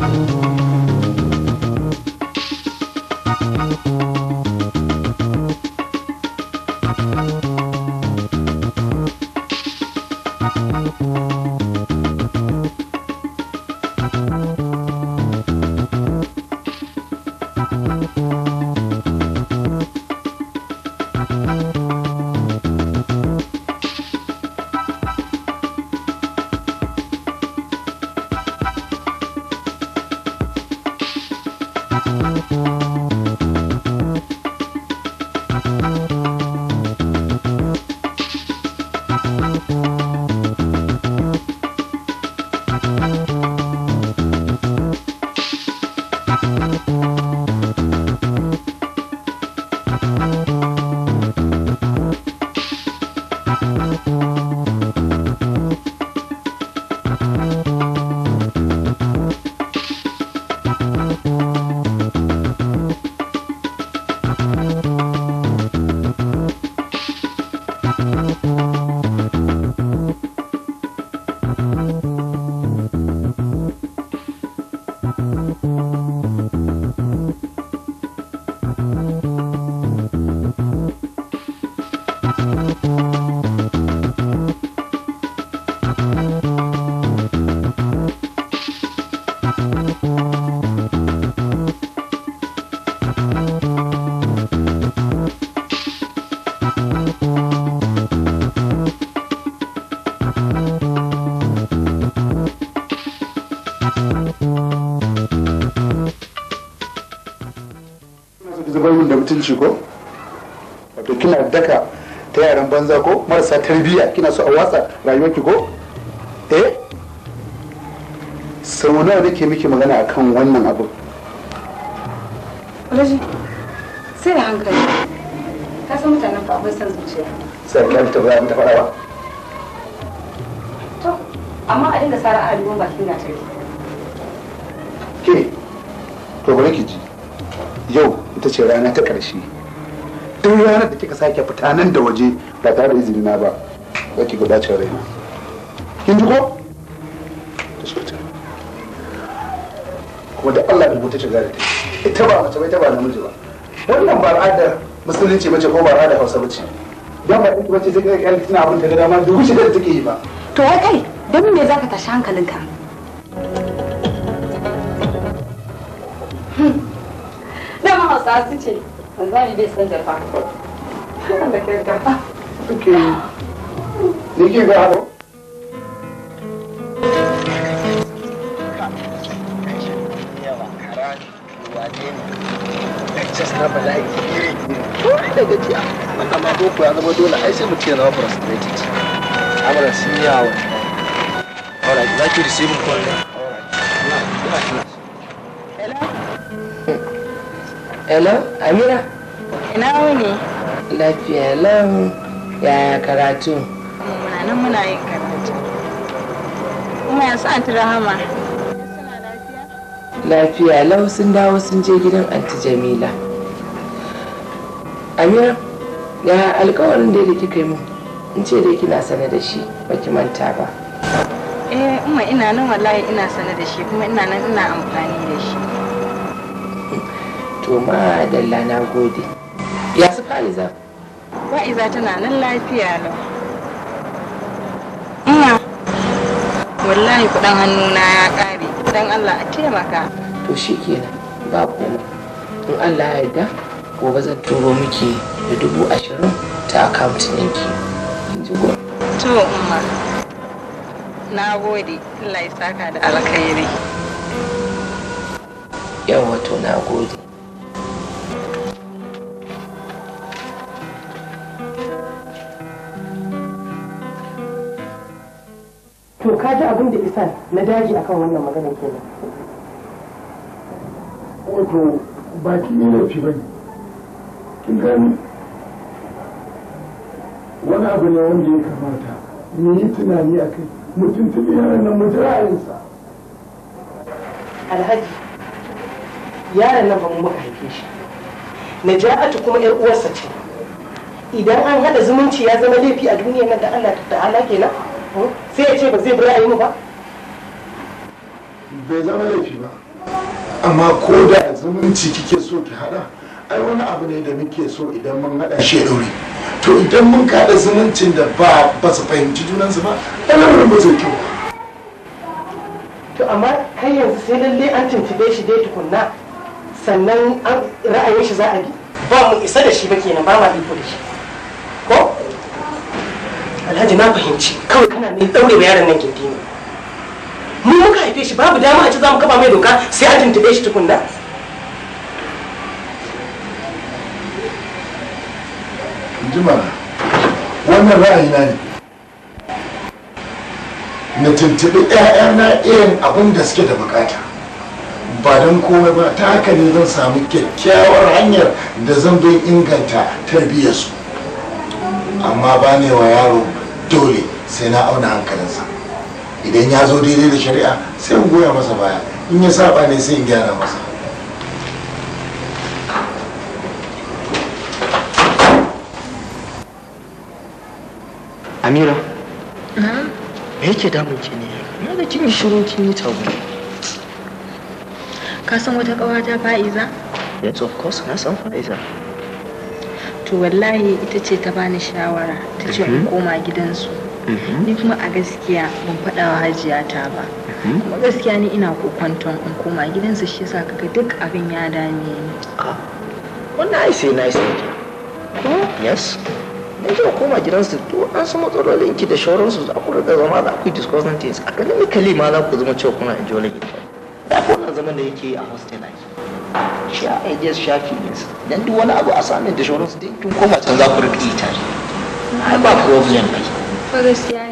Thank you. Thank you. mutunci ko wato kina daka ta yaran banza ko marasa tarbiyya kina so a watsa rayuwarki ko eh sau nawa nake miki magana akan wannan abu Raji, sai da hankali. Ka san mutanen ba akwai san zuciya. Sai ka fita ba ta ba To, amma a dinga sara a ruwan bakin na tare. Ke, to bari ki ji. Yau ita ce rana ta ƙarshe duk ranar da kika sake fita nan da waje ba tare da izini na ba za ki guda ce raina kin ji ko kuma da Allah bai mutu shiga da ta ita ba mace bai ta ba namiji ba wannan ba al'ada musulunci bace ko ba al'ada Hausa bace dan ba ita bace sai kai tana abin da dama duk shi da take yi ba to wai kai dan me zaka tashi hankalinka hausa su ce wanzami bai san da da kai ne ke ki hello amira ina wuni lafiya lau yaya karatu muna nan muna yin karatu kuma yanzu an rahama lafiya lau sun dawo sun je gidan anti jamila amira ya alkawarin da kika yi min in ce dai kina sane da shi ba ki manta ba eh umma ina nan wallahi ina sane da shi kuma ina nan ina amfani da shi to ma dalla na gode ya su fa'iza fa'iza tana nan lafiya lau ina wallahi kudin hannuna ya kare dan Allah a taimaka to kenan ba komai in Allah ya yarda gobe zan turo miki da dubu ashirin ta account ɗinki to umma na gode Allah ya saka da alkhairi yawa to na gode to ka ji abin da isa na daji akan wannan maganar kenan wato ba ki ne da ci bane kin gani wani abu ne wanda ya kamata ne yi tunani a kai mutum tuni yaran nan mutum ra'ayinsa alhaji yaran nan ba mu muka haife shi naja'atu kuma yar uwarsa ce idan an hada zumunci ya zama laifi a duniya nan da Allah ta ta'ala kenan sai ya ce ba zai a yi mu ba bai zama laifi ba amma ko da zumunci kike so ki hada ai wani abu ne da muke so idan mun hada shi ya ɗaure to idan mun kada zumuncin da ba ba su fahimci junansu ba lamarin ba zai kyau to amma kai yanzu sai lalle an tuntube shi dai tukunna sannan ra'ayin shi za a bi ba mu isa da shi ba kenan ba ma iko da shi alhaji na fahimci kawai kana ne daure wa yaron nan gindi ne mu muka haife shi babu dama a ci za mu kafa mai doka sai a tuntube shi tukunna jima wannan ra'ayi na ne na tuntuɓi 'ya'yana irin abin da suke da bukata ba don komai ba ta haka ne zan samu kyakkyawar hanyar da zan don inganta tarbiyyarsu amma ba ne wa yaro dole sai na auna hankalinsa idan ya zo daidai da shari'a sai in goya masa baya in ya saba ne sai in gyara masa amira me yake damun ki ne na ga kin shiru kin yi tabo ka san wata kawata fa'iza yes of course na san fa'iza to wallahi ita ce ta bani shawara ta ce in mhm. koma gidansu mhm. ni kuma a gaskiya ban faɗa wa hajiya ta ba mhm. kuma gaskiya ni ina kokwanton in koma gidansu shi yasa kaga duk abin ya dame ni ah. wannan ai sai na yi ne ko yes na ji koma gidansu to an san matsalolin ki da su za ku riga zama za ku yi discussing things a ganin kalima za ku zama cewa kuna enjoy gidan da na zaman da yake a hostel ake shi a aijiyar eh, shafi ɗinsa don duk wani abu a samun da shawararsu dai tun koma can za ku rikita shi ai ba problem kai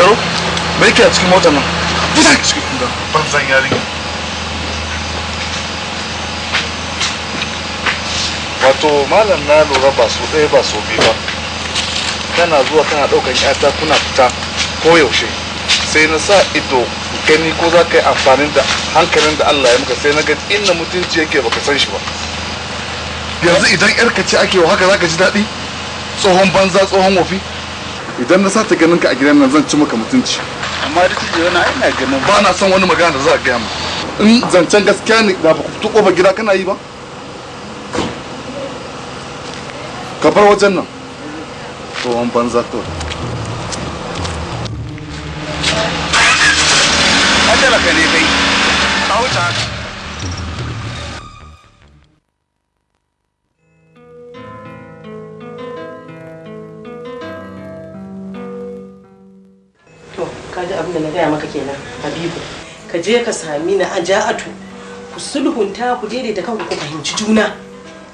yaro barki a cikin motar nan fita ki cikin kunga banzan yarinya wato malam na lura ba so ɗaya ba so biyu ba tana zuwa kana ɗaukan yata kuna fita ko yaushe sai na sa ido gani ko za ka yi amfani da hankalin da Allah ya maka sai na ga inda mutunci yake baka san shi ba yanzu idan yar ka ce ake wa haka za ka ji daɗi tsohon banza tsohon wofi. idan na sata ganin ka a gidan nan zan ci maka mutunci amma da tije wani ina ganin ba na son wani magana da za a gaya mu in zancen gaskiya ne da ba ku fito kofar gida kana yi ba ka bar wajen nan to an banza to Allah ka ne kai kaje je ka sami na aja'atu ku sulhunta ku daidaita kanku ku fahimci juna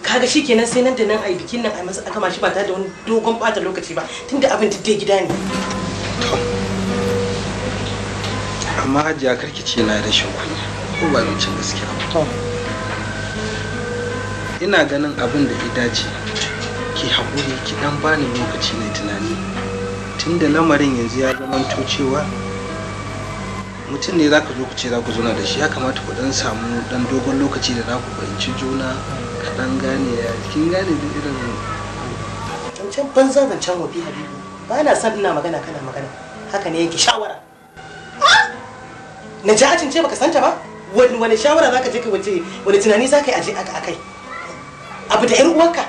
kaga shikenan sai nan da nan ai bikin nan ai masa aka mashi ba tare da wani dogon bata lokaci ba tunda abin dai gida ne amma hajiya karki ce na rashin kunya ko ba zan gaskiya ba ina ganin abin da ya dace ki haƙuri ki dan bani lokaci ne tunani tunda lamarin yanzu ya zama cewa mutum ne za ka zo ku ce za ku zauna da shi ya kamata ku dan samu dan dogon lokaci da za ku fahimci juna ka dan gane ya kin gane duk irin zancen banza can wafi habibu ba na san ina magana kana magana haka ne yake shawara na ji ajin ce baka santa ba wani wani shawara zaka je ka wace wani tunani zaka yi aje a kai abu da yar uwarka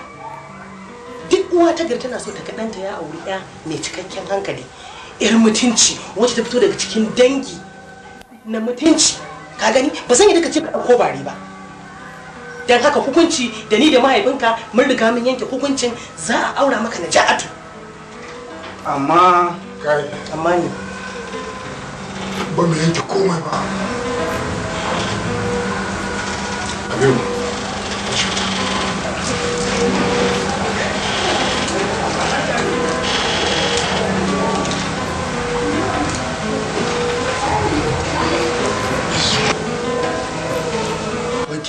duk uwa ta gari tana so ta ga ɗanta ya auri ya mai cikakken hankali yar mutunci wacce ta fito daga cikin dangi na mutunci ka gani ba san yadda ka ce ka ɗauko bare ba dan haka hukunci da ni da mahaifinka mun riga mun yanke hukuncin za a aura maka na ja'atu amma kai amma ne ba mu yanke komai ba you.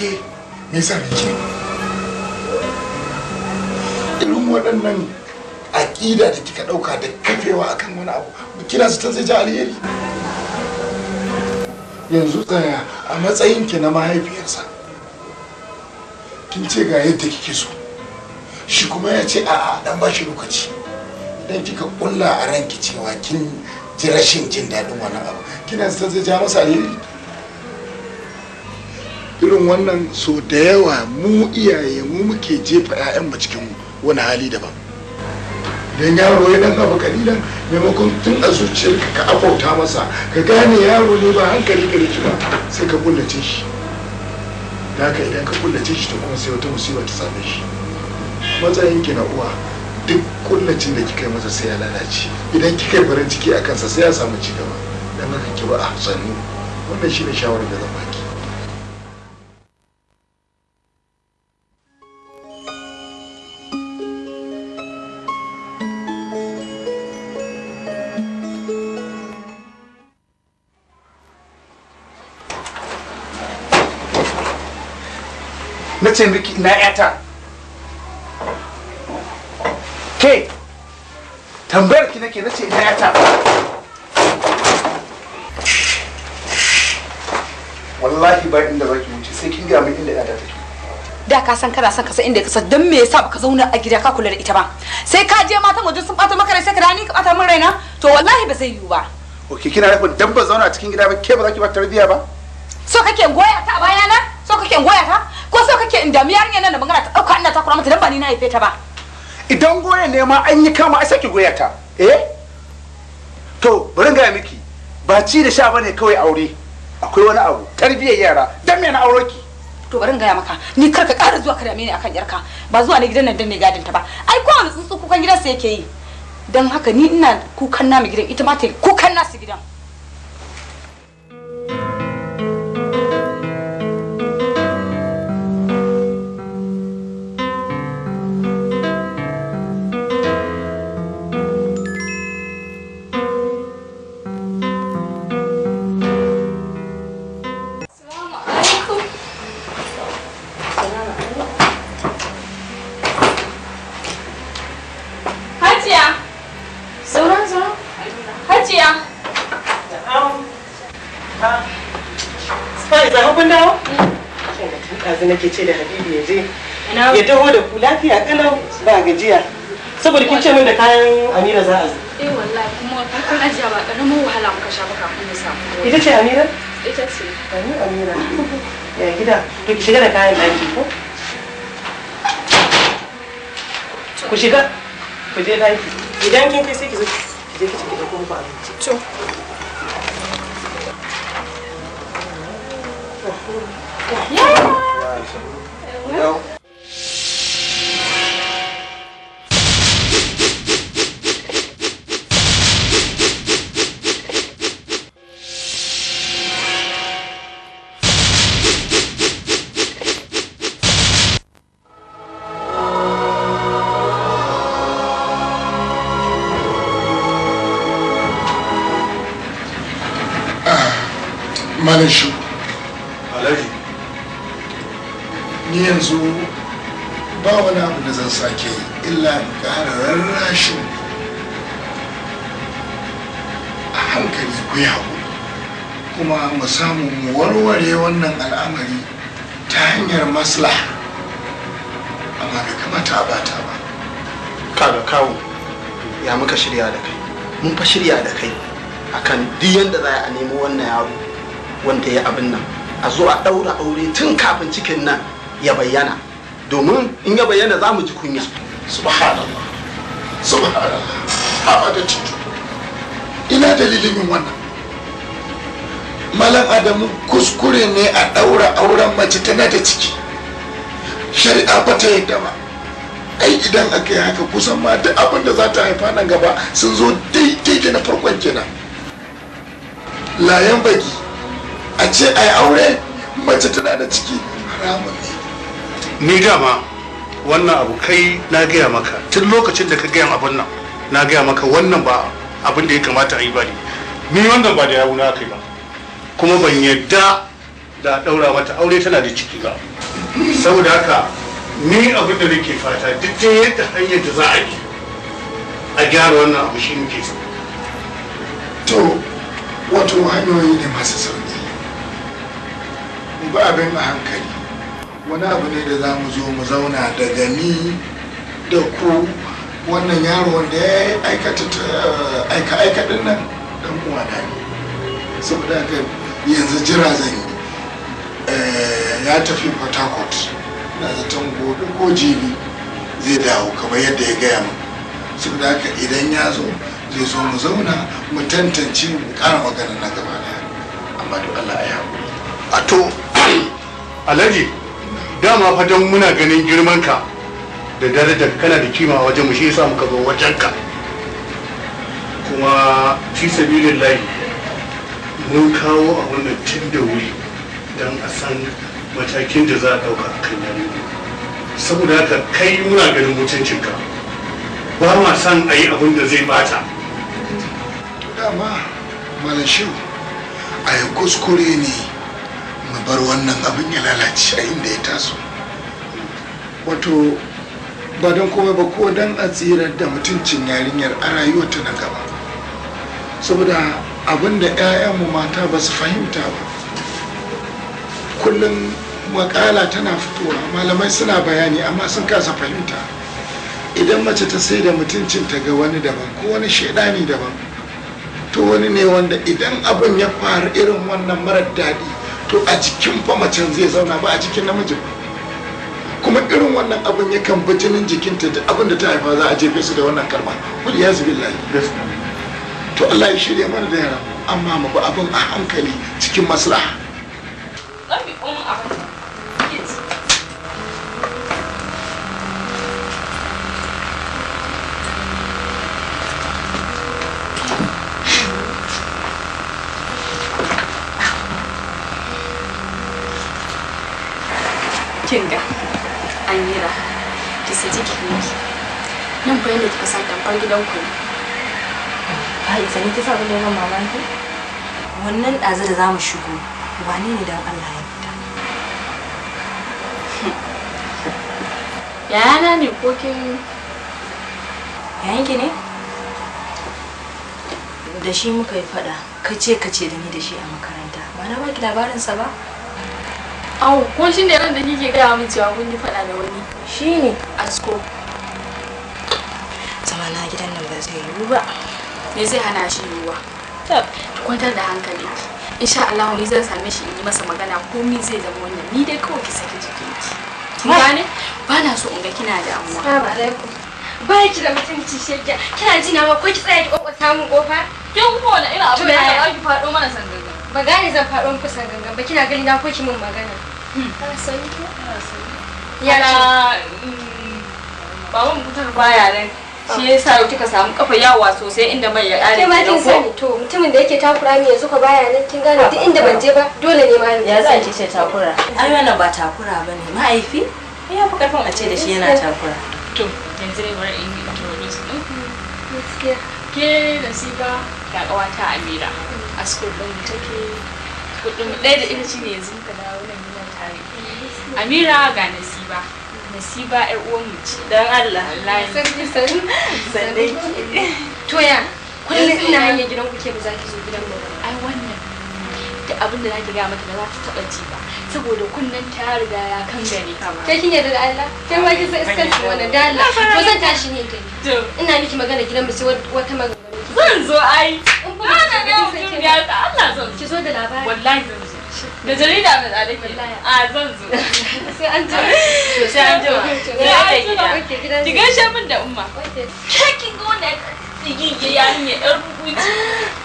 rake irin waɗannan aƙida da kika ɗauka da kafewa akan wani abu kina su ta zai alheri yanzu tsaya a matsayinki na mahaifiyarsa kin ce ga yadda kike so shi kuma ya ce a'a dan ba shi lokaci idan kika kulla a ranki cewa kin ji rashin jin daɗin wani abu kina ta zai ja masa alheri irin wannan so da yawa mu iyaye mu muke jefa mu cikin wani hali daban don yaro ya dan abu kalilan maimakon tun a zuciyarka ka abauta masa ka gane yaro ne ba hankali ka rike ba sai ka kullace shi da ka idan ka kullace shi to kuma sai wata musiba ta same shi matsayin ki na uwa duk kullacin da kika yi masa sai ya lalace idan kika yi farin ciki a kansa sai ya samu cigaba don haka ki ba a sannu wannan shi ne shawarar da zan ce miki na yata ke tambayar ki nake na ina yata wallahi ba inda zaki wuce sai kin ga min inda yata take da ka san kana son ka san inda ka san dan me yasa baka zauna a gida ka kula da ita ba sai ka je matan waje sun bata maka rai sai ka rani ka bata min raina to wallahi ba zai yiwu ba ok kina rafin dan ba zauna a cikin gida ba ke ba za ki ba tarbiya ba so kake goya ta a bayana so kake goya ta ko so kake in damu yarinya nan da magana ta dauka ina kura mata dan ba ni na haife ta ba idan goya ne ma an yi kama ai saki goya ta eh to bari ga miki ba ci da sha bane kawai aure akwai wani abu tarbiyyar yara dan me na aure ki to bari gaya maka ni kar ka ƙara zuwa ka dame ni akan yarka ba zuwa ne gidan nan dan ne gadin ta ba ai ko wani tsuntsu kukan gidan sa yake yi dan haka ni ina kukan na mi gidan ita ma ta kukan nasu gidan nake ce da habibu ya je ya taho da ku lafiya kalau ba gajiya saboda kin ce min da kayan amira za a zo eh wallahi kuma kun ajiya ba karamin wahala muka sha ba kafin mu samu ita ce amira ita ce ni amira ya gida to ki shiga da kayan ɗaki ko ku shiga ku je ɗaki idan kin kai sai ki zo ki je ki ci da kuma abinci to Yeah. faixa. shi a hankali ku yi haƙuri kuma mu samu mu warware wannan al'amari ta hanyar maslaha amma bai kamata a bata ba kaga kawo ya muka shirya da kai mun fa shirya da kai akan duk yanda za a nemi wannan yaro wanda ya abin nan a zo a ɗaura aure tun kafin cikin nan ya bayyana domin in ya bayyana za mu ji kunya subhanallah subhanallah da cikin ina dalilin yin wannan malam adamu kuskure ne a ɗaura auren mace tana da ciki shari'a ba ta yadda ba ai idan aka yi haka kusan ma duk abin da za ta haifa nan gaba sun zo daidai da na farkon kenan layan baki a ce yi aure mace tana da ciki haramun ne ni dama wannan abu kai na gaya maka tun lokacin da ka gaya abin nan na gaya maka wannan ba abin da ya kamata a yi ba ne ni wannan ba da yawo na kai ba kuma ban yadda da daura mata aure tana da ciki ba saboda haka ni abin da nake fata duk da yadda hanyar da za a yi a gyara wannan abu shi muke so to wato hanyoyi ne masu sauki ba abin a hankali wani abu ne da za mu zo mu zauna daga ni da ku wannan yaro wanda ya aikata aika din nan dan uwa da ne saboda haka yanzu jira zan yi eh, ya tafi port harcourt na zaton gobe ko jibi zai dawo kamar yadda ya gaya mu saboda haka idan ya zo zai zo mu zauna mu tantance mu kara magana na gaba daya amma duk allah ya yi a to alaji dama fa muna ganin girman ka da darajar kana da kima a wajen mu shi yasa muka zo wajen ka kuma fi sabilin layi mun kawo a wannan tun da wuri don a san matakin da za a ɗauka a kan yarinya saboda haka kai muna ganin mutuncinka ba ma san a yi abin da zai bata dama malam a yi kuskure ne bar wannan abin ya lalace a inda ya taso wato ba don komai ba ko don a tsirar da mutuncin yarinyar a rayuwa na gaba saboda abin da 'ya'yanmu mata ba su fahimta ba kullum makala tana fitowa malamai suna bayani amma sun kasa fahimta idan mace ta sai da mutuncin ta ga wani daban ko wani shaidani daban to wani ne wanda idan abin ya faru irin wannan marar daɗi to a jikin fa macen zai zauna ba a jikin namijin kuma irin wannan abin yakan bi jinin jikinta da abin da ta haifa za a jefe su da wannan karba wal ya zubi to Allah ya shirya mana da yara amma mu ba abin a hankali cikin maslaha tsohon gidanku ba ne ta sa abin da mamaki wannan ɗazu da za mu shigo wane ne don allah ya fita yayana ne ko kin yanki ne da shi muka yi faɗa kace kace da ni da shi a makaranta ba na baki labarinsa ba Au, ko shi ne ran da kike gaya min cewa kun yi faɗa da wani? Shi ne. Asko. yiwu ba me zai hana shi yiwuwa ki kwantar da hankali insha Allah ni zan same shi in yi masa magana ko komai zai zama wannan ni dai kawai ki saki jikin ki kin gane ba na so in ga kina da amuwa assalamu alaikum ba ki da mutunci shege kina ji na ba ko ki tsaya ki kokwata mun kofa kin ko na ina abu da ya ki fado mana sangangan ba gane zan fado muku sangangan ba kina gani na ko ki mun magana ka hmm. sani ko sani ya mm, mm, mm. ba mun mutar baya ne shi yasa yau kika samu kafa yawa sosai inda mai ya kare ki kin sani to mutumin da yake takura ni yanzu ka baya nan kin gane duk inda ban je ba dole ne ma ya za ki ce takura ai wannan ba takura bane mahaifi ya fi karfin a ce da shi yana takura to yanzu ne bari in yi introduce gaskiya ke nasiba ga kawata Amira a school din take kudin ɗaya da ita ce ne yanzu ka dawo nan gidan tare Amira ga Nasiba si nasiba yar mu ce dan Allah san san sanni to ya kullum ina hanyar gidan ku ke ba za ki zo gidan mu ai wannan da abin da nake ga mata ba za ta taba ji ba saboda kunnan ta riga ya kan gari Ta kin yarda da Allah kai ma ki san iskanci wannan da Allah ko zan tashi ne kai ina miki magana gidan mu sai wata magana zan zo ai ba na ga mutum ya ta Allah zan ki zo da labari wallahi da jarida da tsada ke a zan zo sai an jima to sai an sai an ki gaishe min da umma kin ga wannan ya ya ɗan rubuci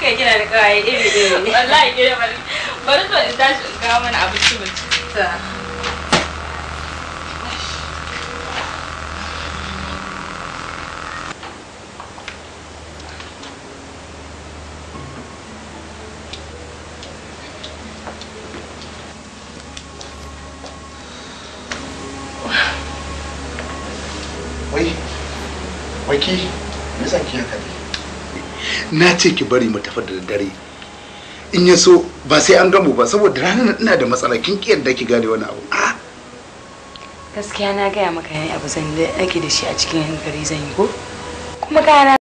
kai kina da kawai iri iri wallahi ke eh, bari bari to in tashi in kawo mana abinci mu baki ki na ce ki bari mu tafi da dare in ya so ba sai an gamu ba saboda ranar ina da matsala kin ki yadda ki gane wani abu ah! gaskiya na gaya maka yayin abu zan da ake da shi a cikin hankali zan yi ko kuma kana